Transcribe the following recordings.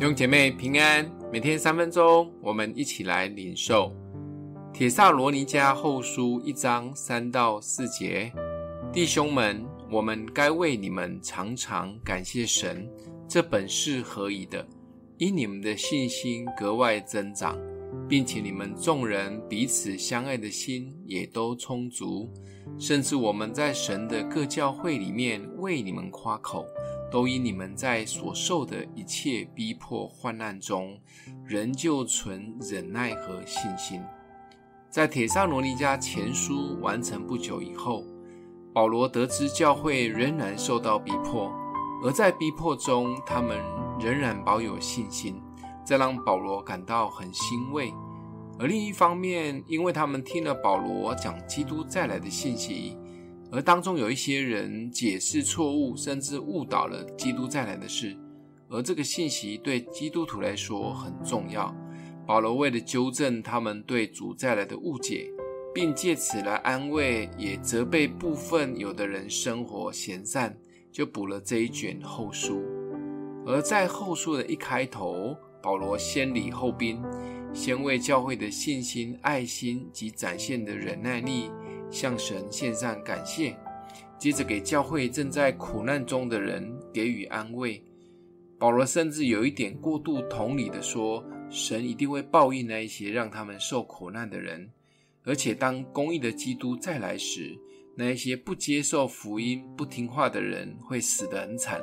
兄姐妹平安，每天三分鐘，我們一起來領受《帖撒羅尼迦》後書一章三到四節。弟兄們，我們該為你們常常感謝神，這本是合宜的，因你們的信心格外增長，並且你們眾人彼此相愛的心也都充足，甚至我們在神的各教會裡面為你們誇口。都因你們在所受的一切逼迫患難中，仍舊存忍耐和信心。在《帖撒羅尼迦前書》完成不久以後，保羅得知教會仍然受到逼迫，而在逼迫中他們仍然保有信心，這讓保羅感到很欣慰。而另一方面，因為他們聽了保羅講基督再來的信息。而當中有一些人解釋錯誤，甚至誤導了基督再來的事，而這個信息對基督徒來說很重要。保羅為了糾正他們對主再來的誤解，並借此來安慰，也責備部分有的人生活閒散，就補了這一卷後書。而在後書的一開頭，保羅先禮後兵，先為教會的信心、愛心及展現的忍耐力。向神獻上感謝，接着給教會正在苦難中的人給予安慰。保羅甚至有一點過度同理的說：“神一定會報應那一些讓他們受苦難的人，而且當公義的基督再來時，那一些不接受福音、不聽話的人會死得很慘。”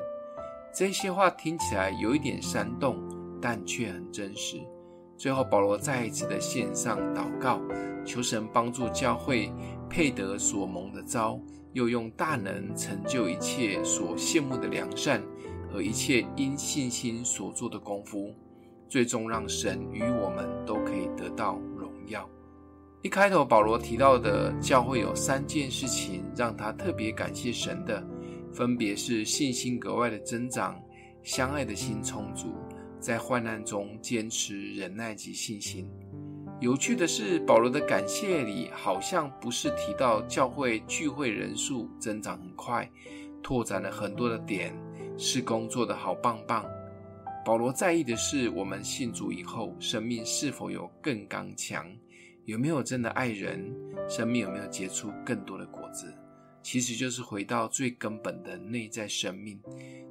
這些話聽起來有一點煽動，但卻很真實。最後，保羅再一次的獻上禱告，求神幫助教會。配得所蒙的召，又用大能成就一切所羨慕的良善和一切因信心所做的功夫，最終讓神與我們都可以得到榮耀。一開頭，保羅提到的教會有三件事情讓他特別感謝神的，分別是信心格外的增長、相愛的心充足、在患難中堅持忍耐及信心。有趣的是，保羅的感謝裡好像不是提到教會聚會人數增長很快，拓展了很多的點，事工做得好棒棒。保羅在意的是，我們信主以後，生命是否有更剛強，有沒有真的愛人，生命有沒有結出更多的果子。其實就是回到最根本的內在生命，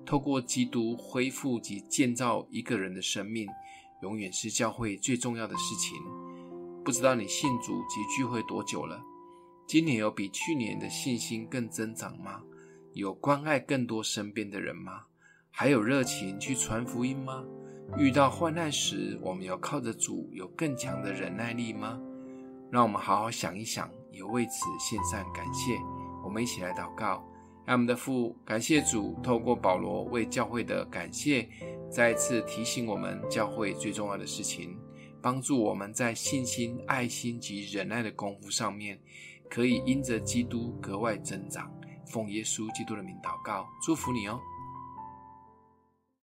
透過基督恢復及建造一個人的生命，永遠是教會最重要的事情。不知道你信主及聚會多久了？今年有比去年的信心更增長嗎？有關愛更多身邊的人嗎？還有熱情去傳福音嗎？遇到患難時，我們有靠着主有更強的忍耐力嗎？讓我們好好想一想，也為此獻上感謝。我們一起來禱告，愛我們的父，感謝主，透過保羅為教會的感謝，再一次提醒我們教會最重要的事情。幫助我們在信心、愛心及忍耐的功夫上面，可以因着基督格外增長。奉耶穌基督的名禱告，祝福你哦。